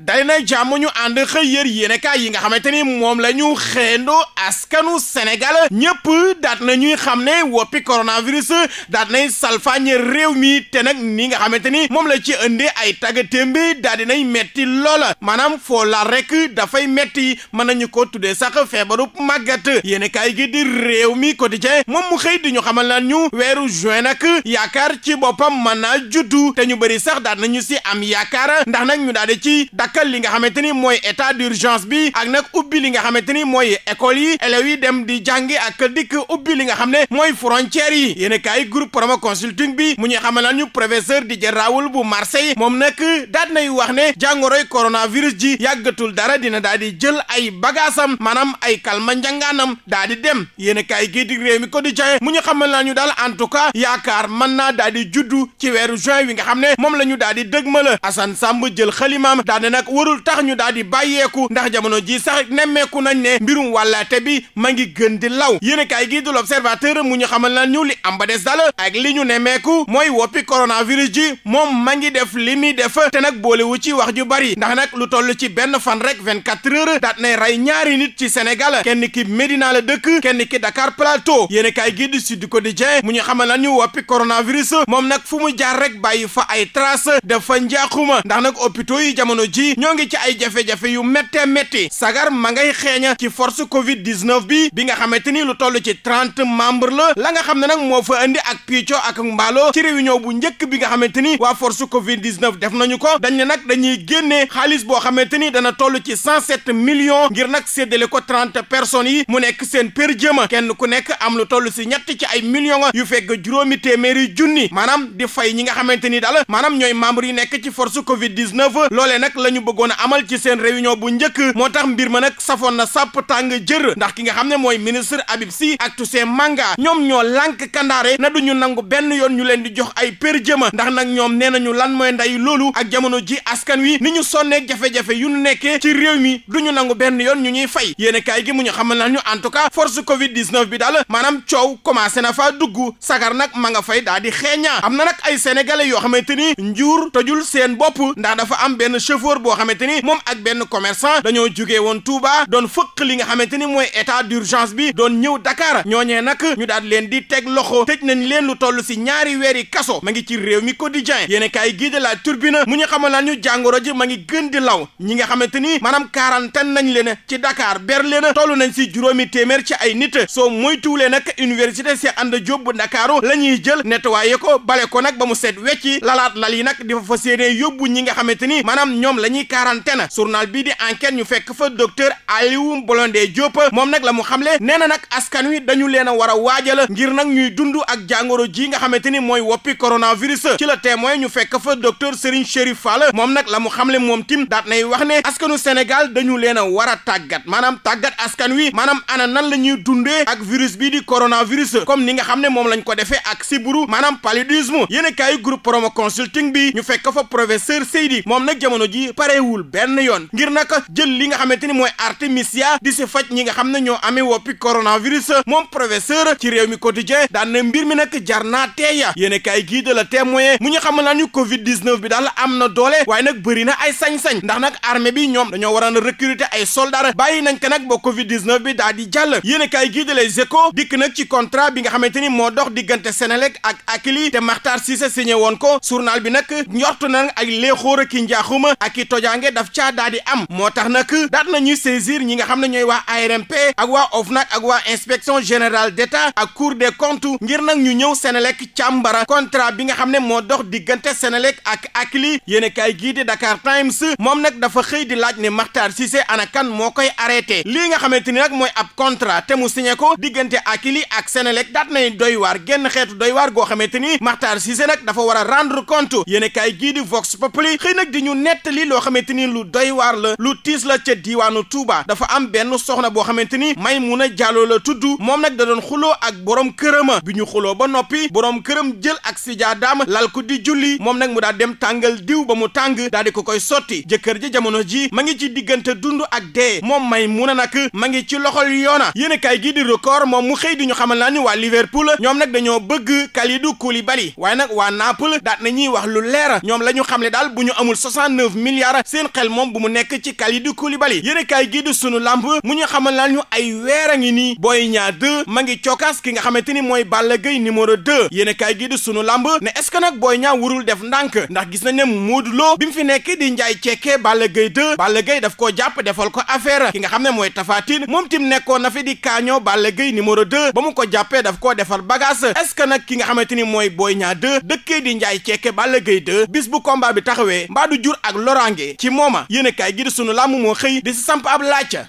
dali na jàmm ñu ànd xëy yër yéenekaay yi nga xamante ni moom la ñu xeendo askanu Sénégal ñëpp daat na ñuy xam ne woppi coronavirus daat nay salfaañ réew mi te nag ni nga xamante ni moom la ci ënde ay taggatémbe daal dinay metti loola maanaam foo la rek dafay metti mën nañu ko tuddee sax feebaru màggat yéenekaay gi di réew mi quotidien moom mu xëy di ñu xamal lan ñu weeru juin nag yaakaar ci boppam mën naa juddu te ñu bëri sax daat nañu si am yaakaar ndax dakkal li nga xamante ni mooy état d'urgence bi ak nag ubbi li nga xamante ni mooy école yi élèves yi dem di jàngi ak dikk ubbi li nga xam ne mooy frontières yi yéen a kaay groupe promo consulting bi mu ñu xamal ñu professeur Didier Raoult bu Marseille moom nag daal nay wax ne jàngoroy coronavirus ji yàggatul dara dina daal di jël ay bagaasam maanaam ay kalma njàngaanam daal di dem yéen a kaay gii di réew ko di jaay mu ñu xamal naa ñu daal en tout cas yaakaar man naa daal di juddu ci weeru juin wi nga xam ne moom la ñu daal di dëgmal Assane Samb nag warul tax ñu daal di bàyyeeku ndax jamono ji sax nemmeeku nañ ne mbirum wàllaate bi ma ngi gën di law yéen kaay gii du l'observateur mu ñu xamal na ñu li amba ba des dal li ñu nemmeeku mooy woppi coronavirus ji moom ma ngi def li muy def te nag boolewu ci wax ju bari ndax nag lu toll ci benn fan rek 24 heures daat nay rey ñaari nit ci Sénégal kenn ki Médina la dëkk kenn ki Dakar Plateau yéen kaay gii du Sud Quotidien mu ñu xamal na ñu woppi coronavirus moom na fu mu jaar rek bàyyi fa ay trace dafa njaaxuma ndax nag yi jamono ji ji ñoo ngi ci ay jafe-jafe yu métte métti sagar ma ngay xeeña ci force covid 19 bi bi nga xamante ni lu toll ci trente membre la la nga xam ne nag moo fa indi ak picco ak mbaalo ci réunion bu njëkk bi nga xamante ni waa force covid 19 def nañu ko dañ ne nag dañuy génnee xaalis boo xamante ni dana toll ci cent sept millions ngir nag séddale ko trente personnes yi mu nekk seen pér jëma kenn ku nekk am lu toll si ñett ci ay millions yu fekk juróomi téeméeri junni maanaam di fay ñi nga xamante ni daal maanaam ñooy membre yi nekk ci force covid 19 loolee la ñu bëggoon a amal ci seen réunion bu njëkk moo tax mbir ma nag safoon na sàpp tàng jër ndax ki nga xam ne mooy ministre Habib si ak Toussaint Manga ñoom ñoo lànk kandaare na duñu nangu benn yoon ñu leen di jox ay pér jëma ndax nag ñoom nee nañu lan mooy nday loolu ak jamono ji askan wi ni ñu sonneeg jafe-jafe yu ñu nekkee ci réew mi duñu nangu benn yoon ñu ñuy fay yéen kaay gi mu ñu xamal nañu en tout cas force covid bi daal maanaam coow commencé na faa dugg sagar nag ma nga fay daal di xeeñaa am na nag ay sénégalais yoo xamante ni njuur tojul seen bopp ndax dafa am benn chauffeur boo xamante ni moom ak benn commerçant dañoo jugee woon Touba doon fëkk li nga xamante ni mooy état d'urgence bi doon ñëw Dakar ñooñee nag ñu daal leen di teg loxo tëj nañ leen lu toll si ñaari weeri kaso ma ngi ci réew mi quotidien yéen kaay gii de la turbine mu ñu xamal laan ñu jàngoro ji ma ngi gën di law ñi nga xamante ni maanaam quarantaine nañ leen ci dakaar ber leen toll nañ si juróomi téeméer ci ay nit soo moytuwulee nag université si Anta Diop bu Ndakaaru la ñuy jël nettoyé ko bale ko nag ba mu set wecci lalaat lal yi nag di fa fa ñi nga xamante ni maanaam ñoom la dañuy quarantaine journal bii di enquête ñu fekk fa docteur Aliou Blondé Diop moom nag la mu xamle nee na nag askan wi dañu leen a war a waajal ngir nag ñuy dund ak jàngoro ji nga xamante ni mooy woppi coronavirus ci la témoin ñu fekk fa docteur Serigne Chérif Fall moom nag la mu xamle moom tim daat nay wax ne askanu Sénégal dañu leen a war a tàggat maanaam tàggat askan wi maanaam ana nan la ñuy dundee ak virus bii di coronavirus comme ni nga xam ne moom lañ ko defee ak siburu maanaam paludisme yéen a kaay groupe promo bi ñu fekk fa professeur Seydi moom nag jamono ji parewul benn yoon ngir nag jël li nga xamante ni mooy artemisia di si faj ñi nga xam ne ñoo amee woppi coronavirus moom professeur ci réew mi quotidien daan mbir mi nag jar naa teeya yéen kaay gii de la témoin mu ñu xamal naa ñu covid 19 bi daal am na doole waaye nag bëri na ay sañ-sañ ndax nag armée bi ñoom dañoo waroon a recruter ay soldats bàyyi nañ ko nag bo covid 19 bi daal di jàll yéen kaay gii de les échos dikk nag ci contrat bi nga xamante ni moo dox diggante Senelec ak Akilee te Makhtar Cissé signé woon ko journal bi nag njort na ak léexóor ki njaaxuma ak tojange daf caa daa di am moo tax nag daat nañuy saisir ñi nga xam ne ñooy waa ARMP ak waa OFNAC ak waa inspection général d'État ak cour des comptes ngir nag ñu ñëw Senelec càmbara contrat bi nga xam ne moo dox diggante Senelec ak Akilee yéen kaay gii di Dakar Times moom nag dafa xëy di laaj ne Makhtar Cissé ana kan moo koy arrêté lii nga xamante ni nag mooy ab contrat te mu signé ko diggante Akilee ak Senelec daat nañ doy waar genn xeetu doy waar goo xamante ni Makhtar Cissé nag dafa war a rendre compte yéen gii di Vox xëy nag di ñu nettali loo ni lu doy waar la lu tiis la ca diiwaanu Touba dafa am benn soxna boo xamante ni Maymuna Jàllo la tudd moom nag da doon xuloo ak borom kërama bi ñu xuloo ba noppi boroom këram jël ak sijaadaam lal ku di julli moom nag mu daa dem tàngal diw ba mu tàng daa di ko koy sotti jëkkër ji jamono ji ma ngi ci diggante dund ak dee moom may Maymuna nag ma ngi ci loxol yoona yéen kaay gi di record moom mu xëy di ñu xamal naa ni waa Liverpool ñoom nag dañoo bëgg Kalidou Koulibaly waaye nag waa Naples daat na ñuy wax lu leer ñoom la ñu xamle daal bu ñu amul 69 milliards Diawara seen xel moom bu mu nekk ci Kalidou Koulibaly yéenekaay gi du sunu lamb mu ñu xamal lan ñu ay weer a ngi nii Boy Niang 2 ma ngi cokkaas ki nga xamante ni mooy Balla Gaye numéro 2 yéenekaay gi du sunu lamb ne est-ce que nag Boy Niang warul def ndànk ndax gis nañ ne Modou Lo bi mu fi nekk di njaay cekkee Balla Gaye 2 Balla Gaye daf koo jàpp defal ko affaire ki nga xam ne mooy Tapha Tine moom mu nekkoon na fi di kaañoo Balla Gaye numéro 2 ba mu ko jàppee daf koo defal bagage est-ce que nag ki nga xamante ni mooy Boy Niang 2 dëkkee di njaay cekkee Balla Gaye 2 bis bu combat bi taxawee kaaraange ci mooma yéen a kaay gi di sunu làmm moo xëy di si samp ab laajca